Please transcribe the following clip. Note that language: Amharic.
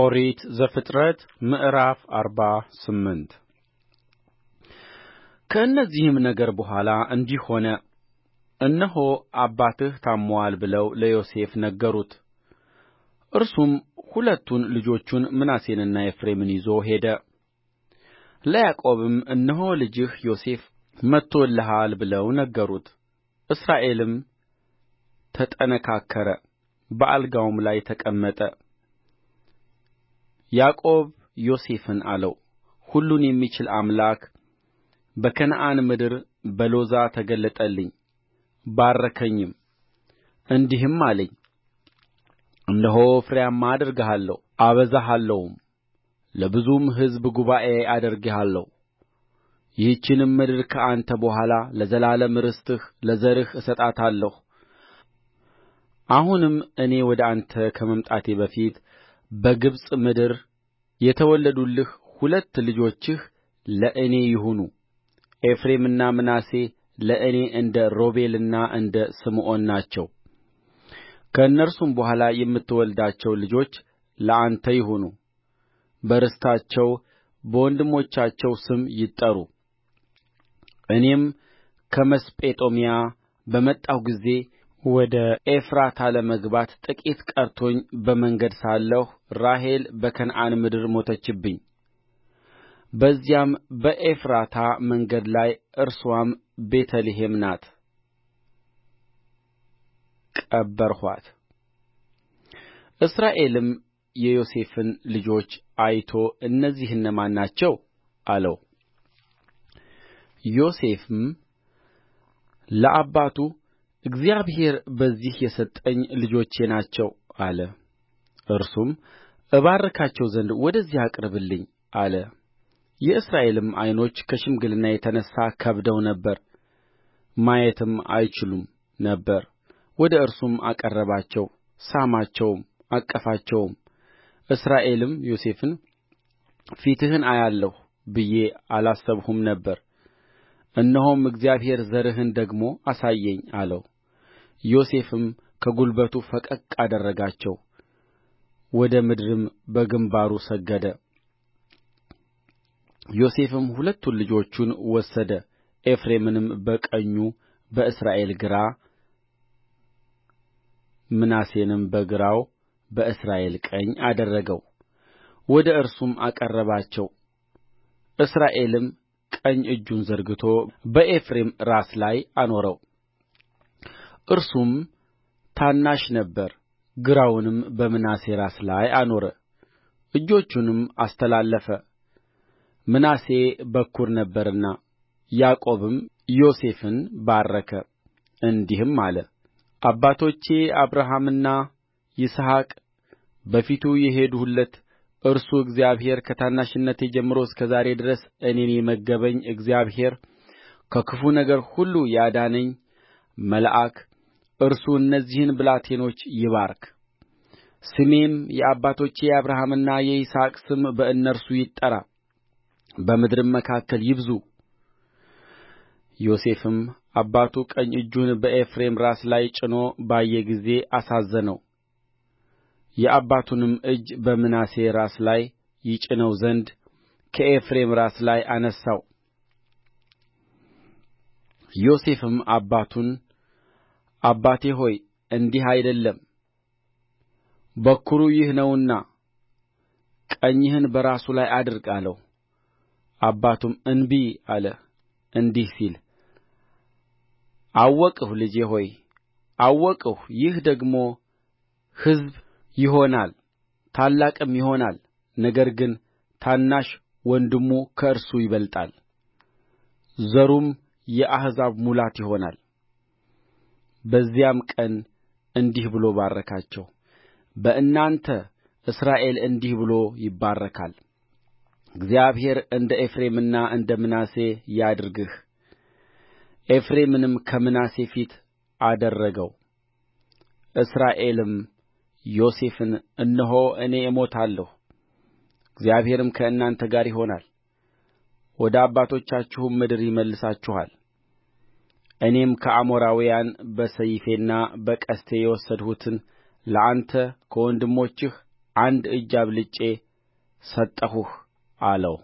ኦሪት ዘፍጥረት ምዕራፍ አርባ ስምንት ከእነዚህም ነገር በኋላ እንዲህ ሆነ እነሆ አባትህ ታምሞአል ብለው ለዮሴፍ ነገሩት እርሱም ሁለቱን ልጆቹን ምናሴንና ኤፍሬምን ይዞ ሄደ ለያዕቆብም እነሆ ልጅህ ዮሴፍ መጥቶልሃል ብለው ነገሩት እስራኤልም ተጠነካከረ በአልጋውም ላይ ተቀመጠ ያዕቆብ ዮሴፍን አለው ሁሉን የሚችል አምላክ በከነዓን ምድር በሎዛ ተገለጠልኝ ባረከኝም እንዲህም አለኝ እነሆ ፍሬያማ አደርግሃለሁ አበዛሃለሁም ለብዙም ሕዝብ ጉባኤ አደርግሃለሁ ይህችንም ምድር ከአንተ በኋላ ለዘላለም ርስትህ ለዘርህ እሰጣታለሁ አሁንም እኔ ወደ አንተ ከመምጣቴ በፊት በግብፅ ምድር የተወለዱልህ ሁለት ልጆችህ ለእኔ ይሁኑ ኤፍሬምና ምናሴ ለእኔ እንደ ሮቤልና እንደ ስምዖን ናቸው ከእነርሱም በኋላ የምትወልዳቸው ልጆች ለአንተ ይሁኑ በርስታቸው በወንድሞቻቸው ስም ይጠሩ እኔም ከመስጴጦምያ በመጣሁ ጊዜ ወደ ኤፍራታ ለመግባት ጥቂት ቀርቶኝ በመንገድ ሳለሁ ራሔል በከነዓን ምድር ሞተችብኝ በዚያም በኤፍራታ መንገድ ላይ እርስዋም ቤተ ልሔም ናት ቀበርኋት እስራኤልም የዮሴፍን ልጆች አይቶ እነዚህ እነማን ናቸው አለው ዮሴፍም ለአባቱ እግዚአብሔር በዚህ የሰጠኝ ልጆቼ ናቸው አለ እርሱም እባርካቸው ዘንድ ወደዚህ አቅርብልኝ አለ የእስራኤልም ዓይኖች ከሽምግልና የተነሣ ከብደው ነበር ማየትም አይችሉም ነበር ወደ እርሱም አቀረባቸው ሳማቸውም አቀፋቸውም እስራኤልም ዮሴፍን ፊትህን አያለሁ ብዬ አላሰብሁም ነበር እነሆም እግዚአብሔር ዘርህን ደግሞ አሳየኝ አለው ዮሴፍም ከጕልበቱ ፈቀቅ አደረጋቸው ወደ ምድርም በግምባሩ ሰገደ ዮሴፍም ሁለቱን ልጆቹን ወሰደ ኤፍሬምንም በቀኙ በእስራኤል ግራ ምናሴንም በግራው በእስራኤል ቀኝ አደረገው ወደ እርሱም አቀረባቸው እስራኤልም ቀኝ እጁን ዘርግቶ በኤፍሬም ራስ ላይ አኖረው እርሱም ታናሽ ነበረ ግራውንም በምናሴ ራስ ላይ አኖረ እጆቹንም አስተላለፈ ምናሴ በኵር ነበርና ያዕቆብም ዮሴፍን ባረከ እንዲህም አለ አባቶቼ አብርሃምና ይስሐቅ በፊቱ የሄድሁለት እርሱ እግዚአብሔር ከታናሽነቴ ጀምሮ እስከ ዛሬ ድረስ እኔን የመገበኝ እግዚአብሔር ከክፉ ነገር ሁሉ ያዳነኝ መልአክ እርሱ እነዚህን ብላቴኖች ይባርክ ስሜም የአባቶቼ የአብርሃምና የይስሐቅ ስም በእነርሱ ይጠራ በምድርም መካከል ይብዙ ዮሴፍም አባቱ ቀኝ እጁን በኤፍሬም ራስ ላይ ጭኖ ባየ ጊዜ አሳዘነው የአባቱንም እጅ በምናሴ ራስ ላይ ይጭነው ዘንድ ከኤፍሬም ራስ ላይ አነሣው ዮሴፍም አባቱን አባቴ ሆይ እንዲህ አይደለም በኵሩ ይህ ነውና ቀኝህን በራሱ ላይ አድርግ አለው አባቱም እንቢ አለ እንዲህ ሲል አወቅሁ ልጄ ሆይ አወቅሁ ይህ ደግሞ ሕዝብ ይሆናል ታላቅም ይሆናል ነገር ግን ታናሽ ወንድሙ ከእርሱ ይበልጣል ዘሩም የአሕዛብ ሙላት ይሆናል በዚያም ቀን እንዲህ ብሎ ባረካቸው በእናንተ እስራኤል እንዲህ ብሎ ይባረካል እግዚአብሔር እንደ ኤፍሬምና እንደ ምናሴ ያድርግህ ኤፍሬምንም ከምናሴ ፊት አደረገው እስራኤልም ዮሴፍን እነሆ እኔ እሞታለሁ እግዚአብሔርም ከእናንተ ጋር ይሆናል ወደ አባቶቻችሁም ምድር ይመልሳችኋል እኔም ከአሞራውያን በሰይፌና በቀስቴ የወሰድሁትን ለአንተ ከወንድሞችህ አንድ እጅ አብልጬ ሰጠሁህ አለው